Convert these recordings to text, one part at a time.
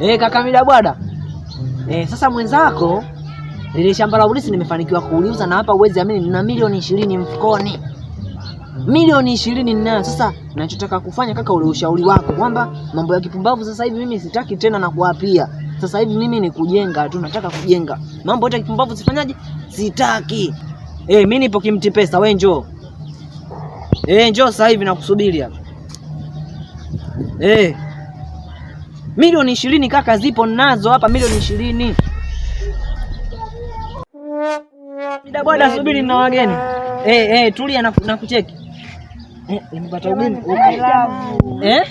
Eh, kaka mida bwana. Eh, sasa mwenzako ile shamba la ulisi nimefanikiwa kuuliuza na hapa uwezi amini nina milioni ishirini mfukoni. Milioni ishirini nina. Sasa nachotaka kufanya kaka, ule ushauri wako kwamba mambo ya kipumbavu sasa hivi mimi sitaki tena na kuapia. Sasa hivi mimi ni kujenga tu, nataka kujenga. Mambo yote kipumbavu sifanyaje? Sitaki. Eh, mimi nipo kimti pesa, wewe njoo. Eh, njoo sasa hivi nakusubiri hapa. Eh. Milioni ishirini kaka, zipo nazo hapa, milioni ishirini. bwada, subiri na wageni. Eh, eh, tulia na na kucheki eh, nimepata ugeni. Eh?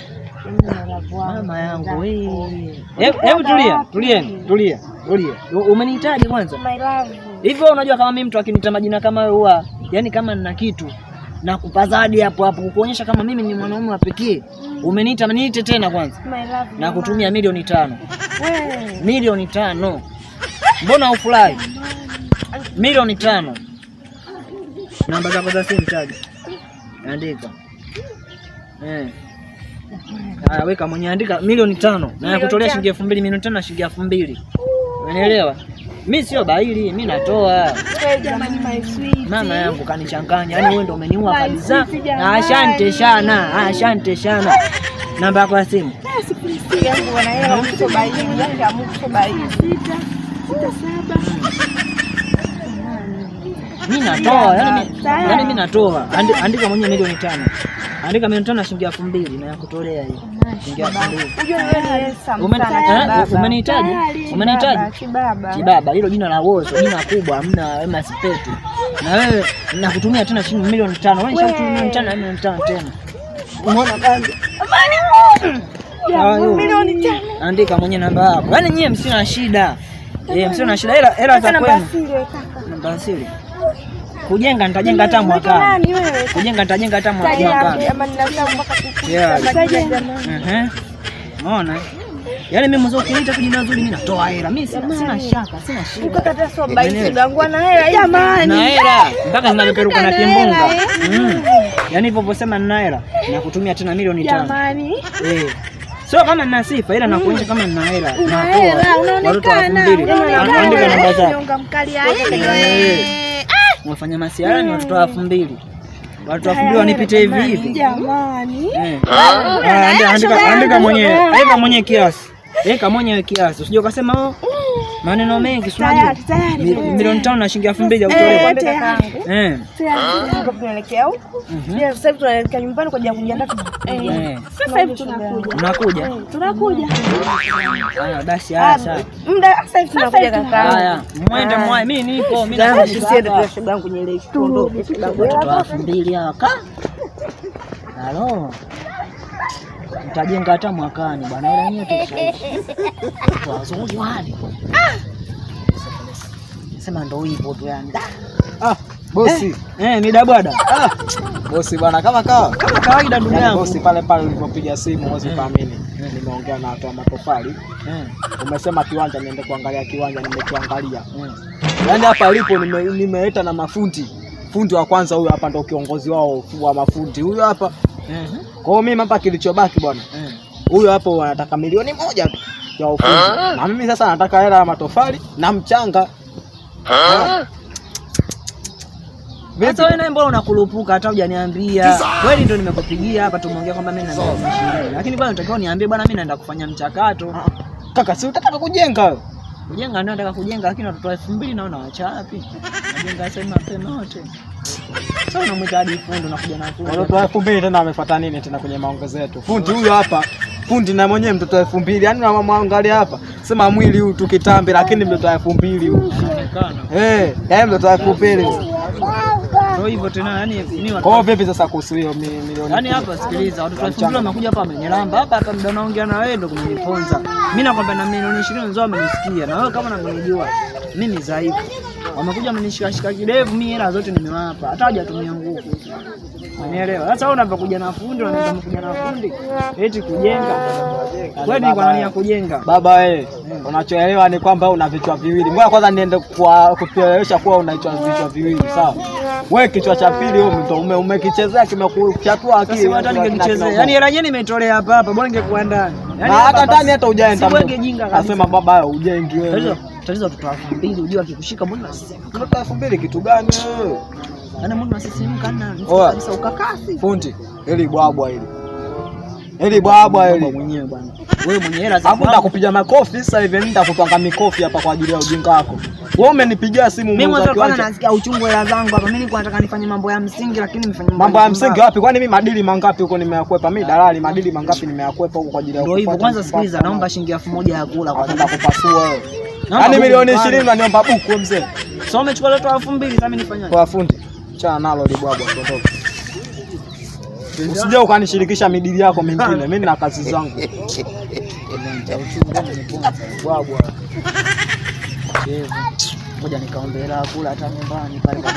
Mama yangu wewe. Hebu tulia, tulieni, tulia. Tulia. Umenihitaji kwanza? Hivyo unajua kama mimi mtu akinita majina kama wewe huwa, yani kama nina kitu na kupa zawadi hapo hapo, kukuonyesha kama mimi ni mwanaume wa pekee. Umeniita, niite tena kwanza, na kutumia milioni tano milioni tano Mbona ufurahi? Milioni tano Namba zako za simu chaji, andika eh. Haya, weka mwenye, andika milioni tano na yakutolea shilingi elfu mbili milioni tano na shilingi elfu mbili Unaelewa? mi sio baili, mi natoa. Mama yangu kanichanganya, yaani wewe ndio umeniua kabisa. Asante shana, asante shana. Namba yako ya simu mimi natoa yaani, eh. yaani, mimi natoa andika mwenyewe milioni tano, andika milioni tano na shilingi elfu mbili na yakutolea hiyo shilingi elfu mbili. Umenihitaji, yaani eh, umenihitaji kibaba, hilo jina la wozo, jina kubwa, hamna Wema Sepetu. Na wewe nakutumia tena shilingi milioni tano, wewe nishakutumia milioni tano na milioni tano tena, umeona kazi milioni tano. Andika mwenyewe namba yako, yaani nyie msina shida Eh, msio na shida, hela hela za kwenu. Namba asili kujenga, nitajenga hata mwaka kujenga, nitajenga hata mwaka. Unaona, yaani mimi mzo kuita kujina nzuri, mimi natoa hela, mimi sina shaka, sina shida sio zangu yaani na hela hii jamani, na hela mpaka zinapeperuka na kimbunga. Eh? Mm. Yaani hivyo posema nina hela na kutumia tena milioni tano. Eh. Sio kama nina sifa ila nakuonyesha kama nina hela. Una hela, unaonekana. Yaani Unaandika namba zako. Ungamkalia yeye. Unafanya eh. eh. ah! masiara ni watoto elfu mbili. Watu elfu mbili wanipite hivi hivi. Jamani. Eh. Ah, ah, andika andika mwenyewe. Weka mwenyewe kiasi. Weka mwenyewe kiasi. Usije ukasema oh, maneno mengi milioni tano na shilingi elfu mbili tunaelekea nyumbani kwa ya eh. Eh. Sasa hivi tunakuja, tunakuja eh, basi. Ah, sasa hivi tunakuja kaka, mwende ah. mwae, mimi nipo yangu nyele, watoto elfu mbili hawa halo Tajenga hata mwakani bwana, ila nyote wazungu wale Sema ndo hivyo tu yani. Ah, ah, bosi. Eh, eh, ni dabada. Ah, bosi bwana kama kawa. Kama kawaida ndugu yaani yangu. Bosi pale pale ulipopiga simu huwezi eh. kuamini. Eh. Nimeongea na watu wa matofali. Eh. Umesema kiwanja niende kuangalia kiwanja nimekiangalia. Eh. Yaani hapa alipo nimeleta na mafundi. Fundi wa kwanza huyo hapa ndo kiongozi wao wa mafundi. Huyo hapa. Eh. Kwa hiyo mimi hapa kilichobaki bwana. Eh. Huyo hapo anataka milioni moja ya ufundi. Ah. Na mimi sasa nataka hela ya matofali na mchanga. Hata wewe naye mbona unakurupuka hata hujaniambia? Kweli ndio nimekupigia hapa tumeongea kwamba mimi naenda kushiriki. Lakini bwana unatakiwa niambie bwana mimi naenda kufanya mchakato. Ah, ah. Kaka si unataka kujenga wewe? Kujenga ndio nataka kujenga lakini watoto 2000 mbili naona wachapi. Najenga sema sema wote. Sasa unamwita hadi fundi unakuja na fundi. Watoto 2000 tena wamefuata nini tena kwenye maongezo yetu? Fundi huyu hapa fundi na mwenyewe mtoto elfu mbili. Yaani unamwangalia hapa. Sema mwili huu tukitambi lakini mtoto 2000 mbili huu. Eh, yaani mtoto wake Ndio hivyo tena, yani watu. kwa vipi sasa kuhusu hiyo milioni? Yaani hapa sikiliza, watu wa shule wamekuja hapa wamenilamba hapa hata mda naongea na wewe ndio kumeniponza mimi. Nakwambia na milioni 20 wenzao amenisikia na wewe kama unanijua mimi dhaifu wamekuja mnishikashika kidevu, mimi hela zote nimewapa, hata hajatumia nguvu, unielewa? Sasa wewe unapokuja na fundi, unaanza kuja na fundi eti kujenga, kwani kwa nani ya kujenga? Baba wewe unachoelewa ni kwamba una vichwa viwili. Ngoja kwanza niende kwa kuelewesha kuwa una vichwa viwili, sawa? Wewe kichwa cha pili ume umekichezea, kimekuchatua akili. Sasa Hata ningekuchezea, yani hela yenyewe nimetolea hapa hapa, bora ningekuwa ndani, hata yaani ndani hata hujaenda. Asema baba wewe, ujengi wewe tatizo tutaliza watoto elfu mbili ujue akikushika mbona unasema watoto elfu mbili kitu gani wewe? Yaani mbona unasisimka na kabisa ukakasi. Fundi, heli bwabwa hili. Heli bwabwa hili. Bwabwa Mwenyewe bwana. Wewe mwenye hela za. Hapo nitakupiga makofi sasa hivi nenda yaani kupanga mikofi hapa kwa ajili ya ujinga wako. Wewe umenipigia simu mimi mwanzo kwanza nasikia uchungu wa zangu hapa. Mimi nilikuwa nataka nifanye mambo ya msingi lakini nifanye mambo Mambo ya msingi wapi? Kwani mimi madili mangapi huko nimeyakwepa? Mimi dalali madili mangapi nimeyakwepa huko kwa ajili ya. Ndio hivyo kwanza sikiliza naomba shilingi 1000 ya kula kwa sababu kupasua wewe. Yaani milioni 20 unaniomba buku wewe mzee. Sasa umechukua leo 2000 sasa mimi nifanyaje? Kwa fundi. Chana nalo libwabwa ondoka. Usije ukanishirikisha midili yako mingine. Mimi nina kazi zangu. Bwabwa. Ngoja nikaombe hela kula hata nyumbani pale kwa